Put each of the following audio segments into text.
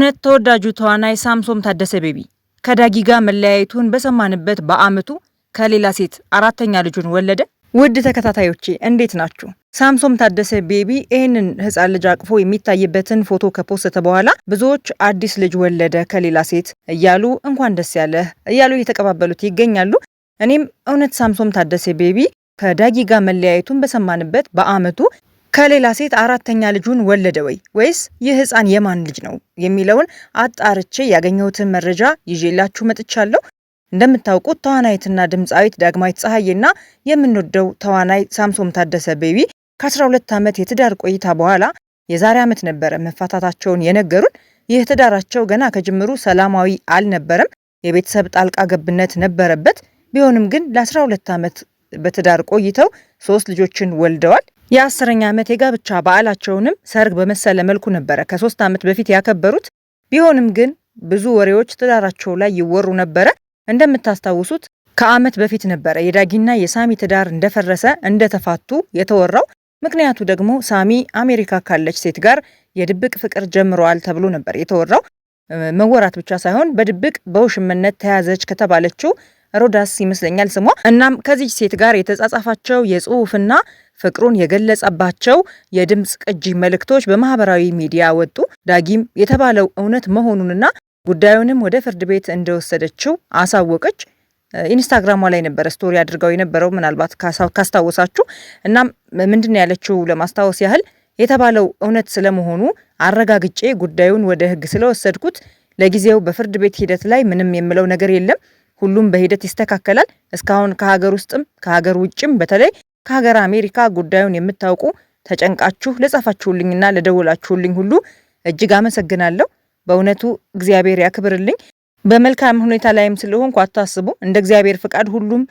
ተውነት ተወዳጁ ተዋናይ ሳምሶም ታደሰ ቤቢ ከዳጊ ጋር መለያየቱን በሰማንበት በአመቱ ከሌላ ሴት አራተኛ ልጁን ወለደ። ውድ ተከታታዮቼ እንዴት ናችሁ? ሳምሶም ታደሰ ቤቢ ይህንን ህፃን ልጅ አቅፎ የሚታይበትን ፎቶ ከፖስተ በኋላ ብዙዎች አዲስ ልጅ ወለደ ከሌላ ሴት እያሉ እንኳን ደስ ያለህ እያሉ እየተቀባበሉት ይገኛሉ። እኔም እውነት ሳምሶም ታደሰ ቤቢ ከዳጊ ጋር መለያየቱን በሰማንበት በአመቱ። ከሌላ ሴት አራተኛ ልጁን ወለደ ወይ ወይስ ይህ ህፃን የማን ልጅ ነው የሚለውን አጣርቼ ያገኘሁትን መረጃ ይዤላችሁ መጥቻለሁ። እንደምታውቁት ተዋናይትና ድምፃዊት ዳግማዊት ፀሐዬና የምንወደው ተዋናይ ሳምሶም ታደሰ ቤቢ ከ12 ዓመት የትዳር ቆይታ በኋላ የዛሬ ዓመት ነበረ መፋታታቸውን የነገሩን። ይህ ትዳራቸው ገና ከጅምሩ ሰላማዊ አልነበረም። የቤተሰብ ጣልቃ ገብነት ነበረበት። ቢሆንም ግን ለ12 ዓመት በትዳር ቆይተው ሶስት ልጆችን ወልደዋል። የአስረኛ ዓመት የጋብቻ በዓላቸውንም ሰርግ በመሰለ መልኩ ነበረ ከሶስት ዓመት በፊት ያከበሩት። ቢሆንም ግን ብዙ ወሬዎች ትዳራቸው ላይ ይወሩ ነበረ። እንደምታስታውሱት ከዓመት በፊት ነበረ የዳጊና የሳሚ ትዳር እንደፈረሰ እንደተፋቱ የተወራው። ምክንያቱ ደግሞ ሳሚ አሜሪካ ካለች ሴት ጋር የድብቅ ፍቅር ጀምረዋል ተብሎ ነበር የተወራው። መወራት ብቻ ሳይሆን በድብቅ በውሽምነት ተያዘች ከተባለችው ሮዳስ ይመስለኛል ስሟ። እናም ከዚህ ሴት ጋር የተጻጻፋቸው የጽሁፍና ፍቅሩን የገለጸባቸው የድምፅ ቅጂ መልእክቶች በማህበራዊ ሚዲያ ወጡ። ዳጊም የተባለው እውነት መሆኑንና ጉዳዩንም ወደ ፍርድ ቤት እንደወሰደችው አሳወቀች። ኢንስታግራሟ ላይ ነበረ ስቶሪ አድርጋው የነበረው ምናልባት ካስታወሳችሁ። እናም ምንድን ያለችው ለማስታወስ ያህል የተባለው እውነት ስለመሆኑ አረጋግጬ ጉዳዩን ወደ ህግ ስለወሰድኩት ለጊዜው በፍርድ ቤት ሂደት ላይ ምንም የምለው ነገር የለም ሁሉም በሂደት ይስተካከላል። እስካሁን ከሀገር ውስጥም ከሀገር ውጭም በተለይ ከሀገር አሜሪካ ጉዳዩን የምታውቁ ተጨንቃችሁ ለጻፋችሁልኝና ለደውላችሁልኝ ሁሉ እጅግ አመሰግናለሁ። በእውነቱ እግዚአብሔር ያክብርልኝ። በመልካም ሁኔታ ላይም ስለሆንኩ አታስቡ። እንደ እግዚአብሔር ፍቃድ ሁሉም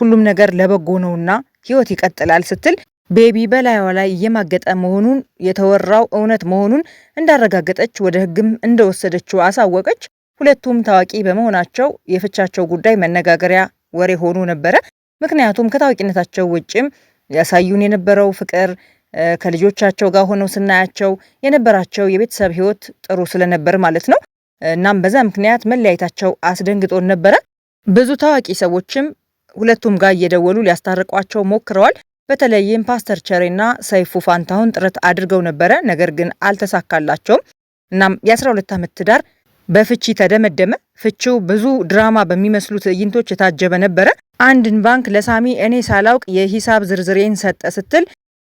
ሁሉም ነገር ለበጎ ነውና ህይወት ይቀጥላል ስትል ቤቢ በላይዋ ላይ እየማገጠ መሆኑን የተወራው እውነት መሆኑን እንዳረጋገጠች ወደ ህግም እንደወሰደችው አሳወቀች። ሁለቱም ታዋቂ በመሆናቸው የፍቻቸው ጉዳይ መነጋገሪያ ወሬ ሆኖ ነበረ። ምክንያቱም ከታዋቂነታቸው ውጭም ያሳዩን የነበረው ፍቅር ከልጆቻቸው ጋር ሆነው ስናያቸው የነበራቸው የቤተሰብ ህይወት ጥሩ ስለነበር ማለት ነው። እናም በዛ ምክንያት መለያየታቸው አስደንግጦን ነበረ። ብዙ ታዋቂ ሰዎችም ሁለቱም ጋር እየደወሉ ሊያስታርቋቸው ሞክረዋል። በተለይም ፓስተር ቸሬና ሰይፉ ፋንታሁን ጥረት አድርገው ነበረ፣ ነገር ግን አልተሳካላቸውም። እናም የ12 ዓመት ትዳር በፍቺ ተደመደመ። ፍቺው ብዙ ድራማ በሚመስሉ ትዕይንቶች የታጀበ ነበረ። አንድን ባንክ ለሳሚ እኔ ሳላውቅ የሂሳብ ዝርዝሬን ሰጠ ስትል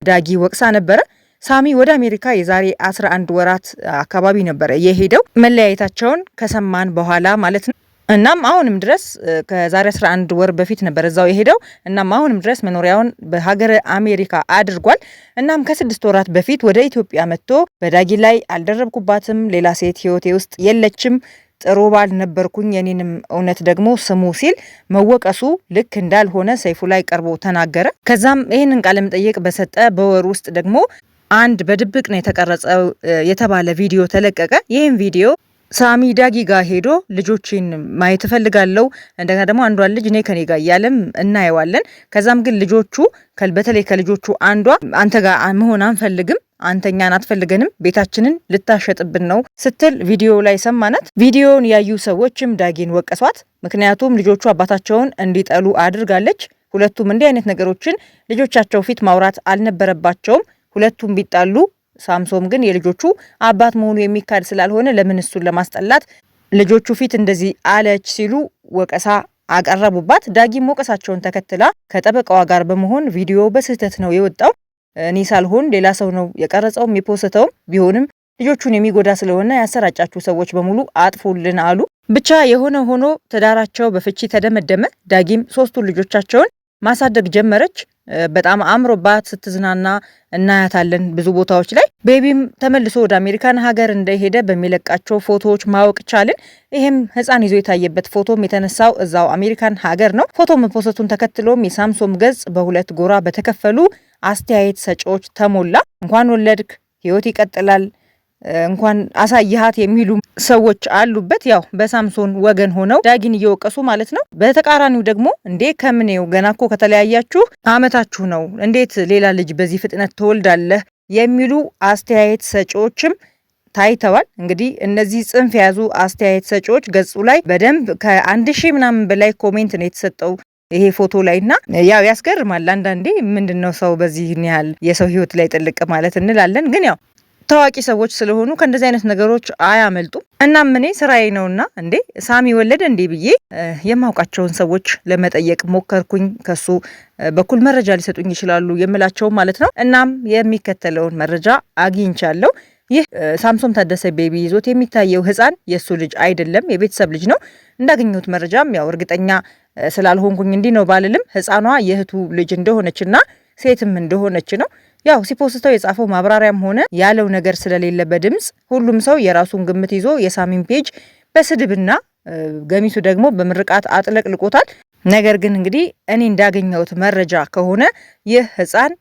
ዳጊ ወቅሳ ነበረ። ሳሚ ወደ አሜሪካ የዛሬ 11 ወራት አካባቢ ነበረ የሄደው መለያየታቸውን ከሰማን በኋላ ማለት ነው። እናም አሁንም ድረስ ከዛሬ 11 ወር በፊት ነበር እዛው የሄደው። እናም አሁንም ድረስ መኖሪያውን በሀገረ አሜሪካ አድርጓል። እናም ከስድስት ወራት በፊት ወደ ኢትዮጵያ መጥቶ በዳጊ ላይ አልደረብኩባትም፣ ሌላ ሴት ህይወቴ ውስጥ የለችም፣ ጥሩ ባል ነበርኩኝ፣ የኔንም እውነት ደግሞ ስሙ ሲል መወቀሱ ልክ እንዳልሆነ ሰይፉ ላይ ቀርቦ ተናገረ። ከዛም ይህንን ቃለ መጠየቅ በሰጠ በወር ውስጥ ደግሞ አንድ በድብቅ ነው የተቀረጸው የተባለ ቪዲዮ ተለቀቀ። ይህም ቪዲዮ ሳሚ ዳጊ ጋር ሄዶ ልጆችን ማየት እፈልጋለሁ፣ እንደገና ደግሞ አንዷን ልጅ እኔ ከኔ ጋር እያለም እናየዋለን። ከዛም ግን ልጆቹ በተለይ ከልጆቹ አንዷ አንተ ጋር መሆን አንፈልግም አንተኛን አትፈልገንም፣ ቤታችንን ልታሸጥብን ነው ስትል ቪዲዮ ላይ ሰማናት። ቪዲዮውን ያዩ ሰዎችም ዳጊን ወቀሷት። ምክንያቱም ልጆቹ አባታቸውን እንዲጠሉ አድርጋለች። ሁለቱም እንዲህ አይነት ነገሮችን ልጆቻቸው ፊት ማውራት አልነበረባቸውም። ሁለቱም ቢጣሉ ሳምሶም ግን የልጆቹ አባት መሆኑ የሚካድ ስላልሆነ ለምን እሱን ለማስጠላት ልጆቹ ፊት እንደዚህ አለች ሲሉ ወቀሳ አቀረቡባት። ዳጊም ወቀሳቸውን ተከትላ ከጠበቃዋ ጋር በመሆን ቪዲዮ በስህተት ነው የወጣው እኔ ሳልሆን ሌላ ሰው ነው የቀረጸውም የፖስተውም ቢሆንም ልጆቹን የሚጎዳ ስለሆነ ያሰራጫችሁ ሰዎች በሙሉ አጥፉልን አሉ። ብቻ የሆነ ሆኖ ትዳራቸው በፍቺ ተደመደመ። ዳጊም ሶስቱን ልጆቻቸውን ማሳደግ ጀመረች። በጣም አምሮባት ስትዝናና እናያታለን ብዙ ቦታዎች ላይ። ቤቢም ተመልሶ ወደ አሜሪካን ሀገር እንደሄደ በሚለቃቸው ፎቶዎች ማወቅ ቻልን። ይህም ህፃን ይዞ የታየበት ፎቶም የተነሳው እዛው አሜሪካን ሀገር ነው። ፎቶ መፖሰቱን ተከትሎም የሳምሶም ገጽ በሁለት ጎራ በተከፈሉ አስተያየት ሰጪዎች ተሞላ። እንኳን ወለድክ፣ ህይወት ይቀጥላል እንኳን አሳይሃት የሚሉ ሰዎች አሉበት። ያው በሳምሶን ወገን ሆነው ዳጊን እየወቀሱ ማለት ነው። በተቃራኒው ደግሞ እንዴ ከምኔው ገና እኮ ከተለያያችሁ አመታችሁ ነው፣ እንዴት ሌላ ልጅ በዚህ ፍጥነት ትወልዳለህ? የሚሉ አስተያየት ሰጪዎችም ታይተዋል። እንግዲህ እነዚህ ጽንፍ የያዙ አስተያየት ሰጪዎች ገጹ ላይ በደንብ ከአንድ ሺህ ምናምን በላይ ኮሜንት ነው የተሰጠው ይሄ ፎቶ ላይ እና ያው ያስገርማል። አንዳንዴ ምንድን ነው ሰው በዚህ ያህል የሰው ህይወት ላይ ጥልቅ ማለት እንላለን። ግን ያው ታዋቂ ሰዎች ስለሆኑ ከእንደዚህ አይነት ነገሮች አያመልጡም። እናም እኔ ስራዬ ነውና እንዴ ሳሚ ወለደ እንዴ ብዬ የማውቃቸውን ሰዎች ለመጠየቅ ሞከርኩኝ። ከሱ በኩል መረጃ ሊሰጡኝ ይችላሉ የምላቸው ማለት ነው። እናም የሚከተለውን መረጃ አግኝቻለሁ። ይህ ሳምሶን ታደሰ ቤቢ ይዞት የሚታየው ህፃን የእሱ ልጅ አይደለም፣ የቤተሰብ ልጅ ነው። እንዳገኘሁት መረጃም ያው እርግጠኛ ስላልሆንኩኝ እንዲህ ነው ባልልም ህፃኗ የእህቱ ልጅ እንደሆነችና ሴትም እንደሆነች ነው። ያው ሲፖስተው የጻፈው ማብራሪያም ሆነ ያለው ነገር ስለሌለ በድምጽ ሁሉም ሰው የራሱን ግምት ይዞ የሳሚን ፔጅ በስድብና ገሚሱ ደግሞ በምርቃት አጥለቅልቆታል። ነገር ግን እንግዲህ እኔ እንዳገኘሁት መረጃ ከሆነ ይህ ህፃን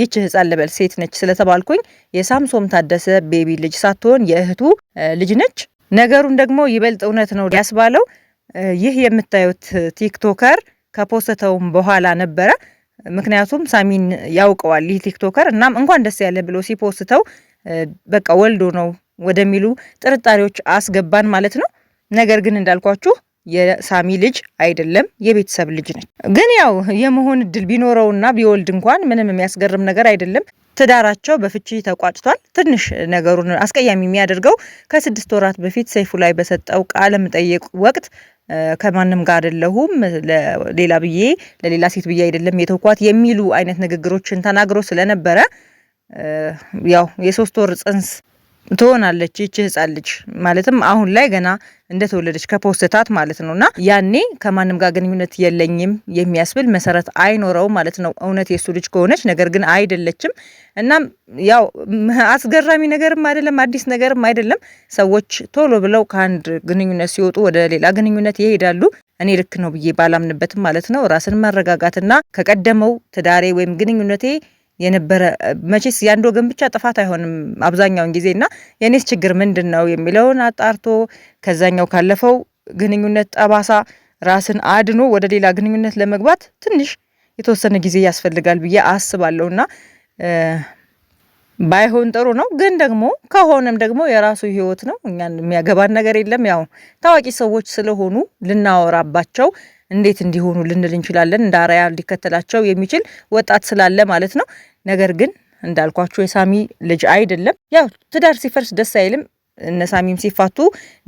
ይች ህፃን ልበል ሴት ነች ስለተባልኩኝ የሳምሶም ታደሰ ቤቢ ልጅ ሳትሆን የእህቱ ልጅ ነች። ነገሩን ደግሞ ይበልጥ እውነት ነው ያስባለው ይህ የምታዩት ቲክቶከር ከፖስተተውም በኋላ ነበረ ምክንያቱም ሳሚን ያውቀዋል ይህ ቲክቶከር። እናም እንኳን ደስ ያለ ብሎ ሲፖስተው በቃ ወልዶ ነው ወደሚሉ ጥርጣሬዎች አስገባን ማለት ነው። ነገር ግን እንዳልኳችሁ የሳሚ ልጅ አይደለም፣ የቤተሰብ ልጅ ነች። ግን ያው የመሆን እድል ቢኖረውና ቢወልድ እንኳን ምንም የሚያስገርም ነገር አይደለም። ትዳራቸው በፍቺ ተቋጭቷል። ትንሽ ነገሩን አስቀያሚ የሚያደርገው ከስድስት ወራት በፊት ሰይፉ ላይ በሰጠው ቃለ መጠይቅ ወቅት ከማንም ጋር አይደለሁም፣ ሌላ ብዬ ለሌላ ሴት ብዬ አይደለም የተውኳት የሚሉ አይነት ንግግሮችን ተናግሮ ስለነበረ ያው የሶስት ወር ጽንስ ትሆናለች ይች ህጻን ልጅ ማለትም አሁን ላይ ገና እንደተወለደች ከፖስተታት ማለት ነው። እና ያኔ ከማንም ጋር ግንኙነት የለኝም የሚያስብል መሰረት አይኖረው ማለት ነው። እውነት የሱ ልጅ ከሆነች ነገር ግን አይደለችም። እናም ያው አስገራሚ ነገርም አይደለም፣ አዲስ ነገርም አይደለም። ሰዎች ቶሎ ብለው ከአንድ ግንኙነት ሲወጡ ወደ ሌላ ግንኙነት ይሄዳሉ። እኔ ልክ ነው ብዬ ባላምንበትም ማለት ነው ራስን መረጋጋትና ከቀደመው ትዳሬ ወይም ግንኙነቴ የነበረ መቼስ የአንድ ወገን ብቻ ጥፋት አይሆንም አብዛኛውን ጊዜ እና የእኔስ ችግር ምንድን ነው የሚለውን አጣርቶ ከዛኛው ካለፈው ግንኙነት ጠባሳ ራስን አድኖ ወደ ሌላ ግንኙነት ለመግባት ትንሽ የተወሰነ ጊዜ ያስፈልጋል ብዬ አስባለሁ እና ባይሆን ጥሩ ነው። ግን ደግሞ ከሆነም ደግሞ የራሱ ህይወት ነው። እኛን የሚያገባን ነገር የለም። ያው ታዋቂ ሰዎች ስለሆኑ ልናወራባቸው እንዴት እንዲሆኑ ልንል እንችላለን። እንደ አርአያ ሊከተላቸው የሚችል ወጣት ስላለ ማለት ነው። ነገር ግን እንዳልኳችሁ የሳሚ ልጅ አይደለም። ያው ትዳር ሲፈርስ ደስ አይልም። እነ ሳሚም ሲፋቱ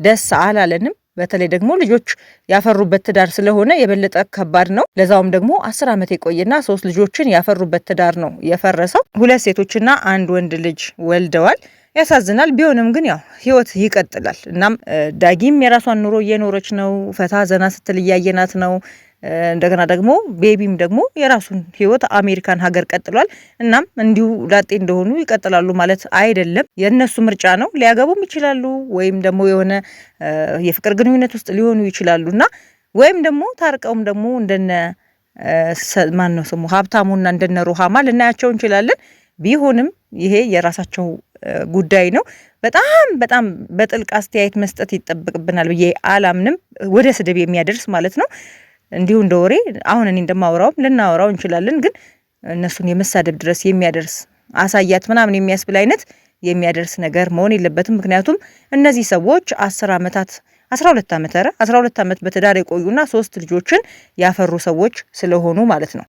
ደስ አላለንም። በተለይ ደግሞ ልጆች ያፈሩበት ትዳር ስለሆነ የበለጠ ከባድ ነው። ለዛውም ደግሞ አስር ዓመት የቆየና ሶስት ልጆችን ያፈሩበት ትዳር ነው የፈረሰው። ሁለት ሴቶችና አንድ ወንድ ልጅ ወልደዋል። ያሳዝናል። ቢሆንም ግን ያው ህይወት ይቀጥላል። እናም ዳጊም የራሷን ኑሮ እየኖረች ነው። ፈታ ዘና ስትል እያየናት ነው። እንደገና ደግሞ ቤቢም ደግሞ የራሱን ህይወት አሜሪካን ሀገር ቀጥሏል። እናም እንዲሁ ላጤ እንደሆኑ ይቀጥላሉ ማለት አይደለም። የእነሱ ምርጫ ነው። ሊያገቡም ይችላሉ ወይም ደግሞ የሆነ የፍቅር ግንኙነት ውስጥ ሊሆኑ ይችላሉ እና ወይም ደግሞ ታርቀውም ደግሞ እንደነ ማን ነው ስሙ ሀብታሙና እንደነ ሩሃማ ልናያቸው እንችላለን። ቢሆንም ይሄ የራሳቸው ጉዳይ ነው። በጣም በጣም በጥልቅ አስተያየት መስጠት ይጠበቅብናል ብዬ አላምንም። ወደ ስድብ የሚያደርስ ማለት ነው። እንዲሁ እንደ ወሬ አሁን እኔ እንደማውራውም ልናወራው እንችላለን። ግን እነሱን የመሳደብ ድረስ የሚያደርስ አሳያት ምናምን የሚያስብል አይነት የሚያደርስ ነገር መሆን የለበትም። ምክንያቱም እነዚህ ሰዎች አስር ዓመታት አስራ ሁለት ዓመት ኧረ አስራ ሁለት ዓመት በትዳር የቆዩና ሶስት ልጆችን ያፈሩ ሰዎች ስለሆኑ ማለት ነው።